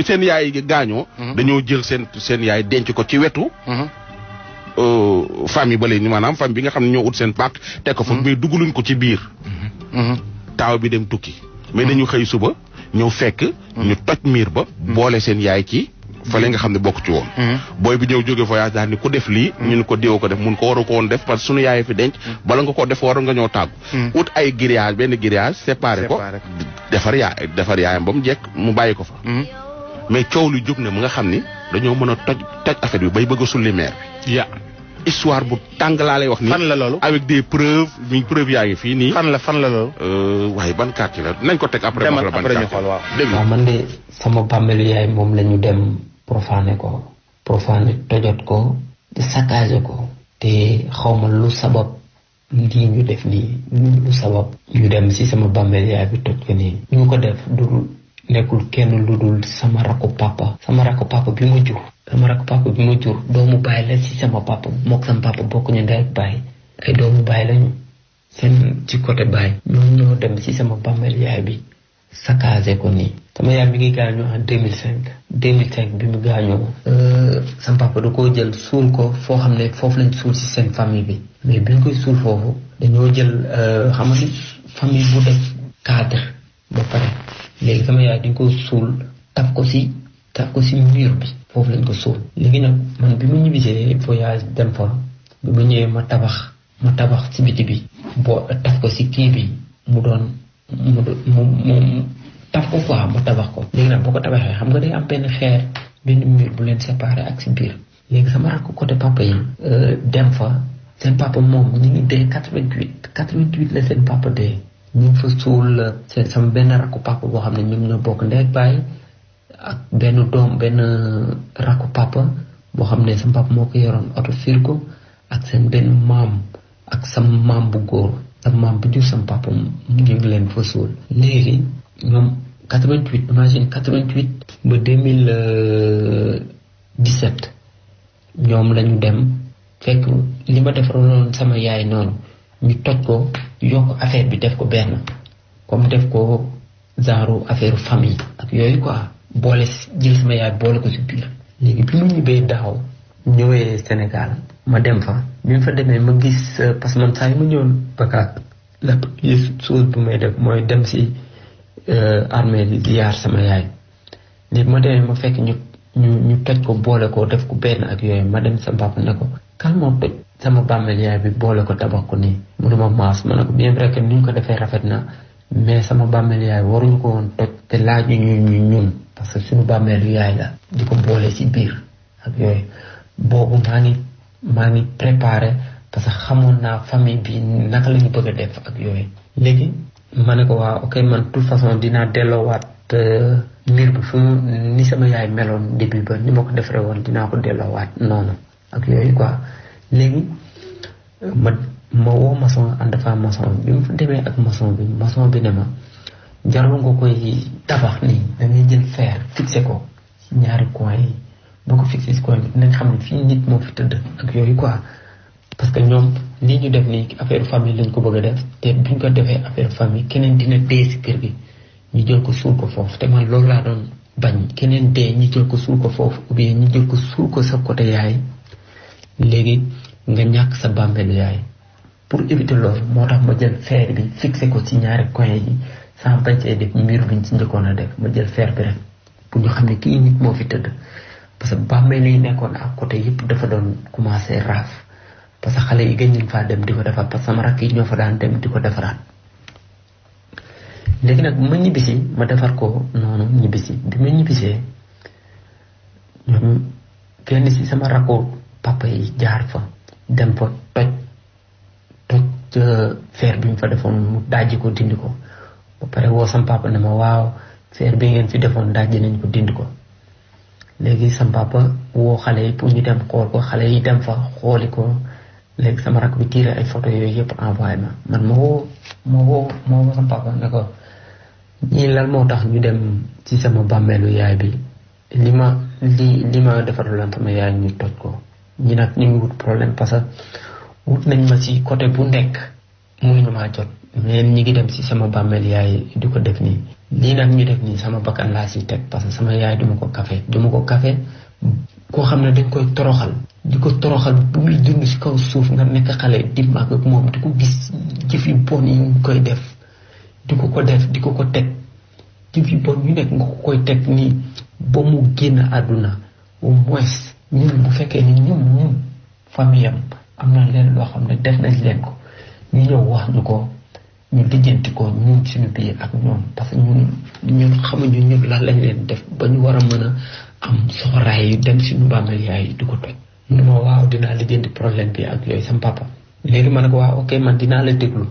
bi seen yaay gaañoo mhm. dañu jël seen seen yaay denc ko ci wetu mhm. euh, fami ba leen manam famille bi nga xamni ñoo ut seen paak teg ko fa mhm. mais duguluñ ko ci biir taw bi dem tukki mais dañu xey suba ñew fekk ñu toj mir ba boole seen yaay ci fale nga xamni bokku ci woon boy bi ñew jóge voyage daal ni ku def li ñu ko diwo ko def mun ko waru ko won def parce suñu yaay fi denc bala nga ko def waru nga ñoo tag ut ay grillage ben grillage séparé ko defar yaay defar yaay bam jek mu bayiko fa mais ciow lu jóg ne mu nga xamni dañu mëna toj toj affaire bi bay bëgg sul li maire ya histoire bu tang la lay wax ni fan la lolu avec des preuves mi preuve yaa ngi fii nii. fan la fan la lolu euh way ban quartier la nañ ko tek après. demal après ñu xol waaw dégg waaw man de sama bàmmeelu yaay mom lañu dem profaner ko. profaner tojot ko. de saccagé ko. té xawma lu sabab. lii ñu def ni lu sabab. ñu dem ci sama bàmmeel yaay bi toj ko ni ñu ko def du nekkul kenn lu dul sama rakku papa sama rakku papa bi ma jur sama rakku papa bi ma jur doomu baay la ci sama papa mook sama papa bokk ñu ndey ay doomu baay lañu seen ci côté baay ñoom ñoo dem ci sama bàmmeel yaay bi saccagé ko nii sama yaay mi ngi gaañoo en 2005 2005 bi mu gaañoo euh, sama papa da koo jël suul ko foo xam ne foofu lañ suul si seen famille bi mais bi ñu koy suul foofu dañoo jël euh, xam nga famille bu def cadre ba pare léegi sama yaay dañ ko suul taf ko si taf ko si mur bi foofu lañ ko suul léegi nag man bi mu ñibbisee voyage dem fa bi ma ñëwee ma tabax ma tabax si biti bi boo taf ko si kii bi mu doon mu mu taf ko quoi ma tabax ko léegi nag boo ko tabaxee xam nga day am benn xeer benn mur bu leen séparé ak si biir léegi sama rakk côté papa yi dem fa seen papa moom ñu ngi dee quatre-vingt-huit quatre-vingt-huit la seen papa dee ñun fa sen eh, sama ben rakku papa bo xamne ne ñoom ñoo bokk ndey ak ben eh, ak ben doom benn rakku papa bo xamne sama papa moko yoron auto oto ak sen ben mam ak sama mam bu góor sama mam bu jur sama papa ñu ngi leen fa sul léegi ñoom 88 imagine 88 ba 2017 ñom lañu dem fekk lima defaron sama yaay noonu ñu toj ko yokk affaire bi def ko benn comme def ko genre affaire famille ak yooyu quoi boole jël sama yaay boole ko si biir. léegi bi mu ñibbee daaw ñëwee Sénégal ma dem fa bi fa demee ma gis euh, parce que man saa yu ma ñëwoon bakaat la première chose bu may def mooy dem si euh, armée di ziar sama yaay léegi ma demee ma fekk ñu ñu ñu toj ko boole ko def ko benn ak yooyu ma dem sa bàpp na ko kan toj sama bàmmeel yaay bi boole ko tabax ko nii dama maas ma ne ko bien vrai que ni ko defee rafet na mais sama bàmmeel yaay waruñu ko woon toj te laaj ñu ñu ñun parce que suñu bàmmeelu yaay la di ko boole ci biir ak yooyu boobu maa ngi maa ngi préparé parce que xamoon naa famille bi naka la ñu bëgg a def ak yooyu léegi ma ne ko waaw ok man toute façon dinaa delloowaat euh, mbir bi fu ni sama yaay meloon début ba ni ma ko defaree woon dinaa ko delloo delloowaat noonu ak yooyu quoi léegi ma woo maçon ànd fa maçon bi mu fa demee ak maçon bi maçon bi ne ma jarul nga koy tabax nii da ngay jël fer fixé ko ci ñaari coin yi boo ko fixé ci coin nañ xam ne fii nit moo fi tëdd ak yooyu quoi parce que ñoom lii ñu def nii affaire famille lañ ko bëgg def te buñ ko defee affaire famille keneen dina dee si kër gi ñu jël ko suul ko foofu te man loolu laa doon bañ keneen dee ñu jël ko suul ko foofu ou bien ñu jël ko suul ko sa côté yaay léegi nga ñàkk sa bàmmeelu yaay pour éviter lool moo tax ma jël fer bi fixé ko ci ñaari coin yi sans tan ci def mur buñ ci ndiko na def ma jël fer bi rek pour ñu xamné ki nit mo fi teud parce que bamé yi nekkoon ak côté yépp dafa doon commencé raf parce que xalé yi gën ñu fa dem diko ko parce que sama rak yi ño fa daan dem diko ko defaraat légui nak ma ñibbisi ma defar ko noonu ñibbisi bi ma ñibbisee ñoom kenn ci sama rakko papa yi jaar fa dem fa toj ca fer euh, bi mu fa defoon mu dajji ko dindi ko ba pare woo sam papa ne ma waaw fer bi ngeen fi defoon dajji nañ ko dindi ko léegi sam woo xale yi pour ñu dem xool ko xale yi dem fa xooli ko léegi sama rakk bi tiire ay photo yooyu yëpp envoyé man ma woo ma woo ma woo sam papa ne ko ñii lan moo tax ñu dem ci sama bàmmeelu yaay bi li ma li li ma defaroon sama yaay ñu toj ko ñi nag ñu wut problème parce wut nañ ma ci côté bu nekk mënuñu maa jot mais ñi ngi dem ci sama bàmmeel yaay di ko def nii lii nag ñu def nii sama bakkan laa ci teg parce que sama yaay duma ko kafe duma ko kafe koo xam ne dañ koy toroxal di ko toroxal bu muy dund ci kaw suuf nga nekk xale di màgg moom di ko gis jëf yu bon yi ñu koy def di ko ko def di ko ko teg jëf yu bon yu nekk nga ko koy teg nii ba mu génn àdduna au moins ñun bu fekkee ni ñun ñun famille am am na leen loo xam ne def nañ leen ko ñu ñëw wax ñu ko ñu lijjanti ko ñun suñu biir ak ñoom parce ñu ñun ñun xamuñu lañ leen def ba ñu war a mën a am soxoraay yu dem suñu bàmmeel yaay di ko toj. mu ma waaw dinaa lijjanti problème bi ak yooyu sama papa. léegi ma ne ko waaw ok man dinaa la déglu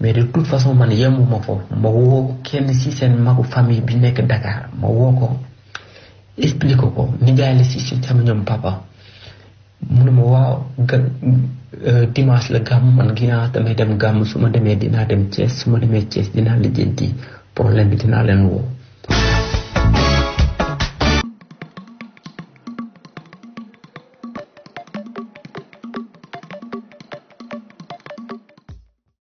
mais de toute façon man yemuma foofu ma woo kenn ci seen magu famille bi nekk Dakar ma woo ko expliqué ko ni jaay la ci ci sama ñoom papa. mu ne ma waaw euh, dimanche la gàmm man ginaa damay dem gàmm su ma demee dinaa dem Thiès su ma demee Thiès dinaa lijjanti problème bi dinaa leen woo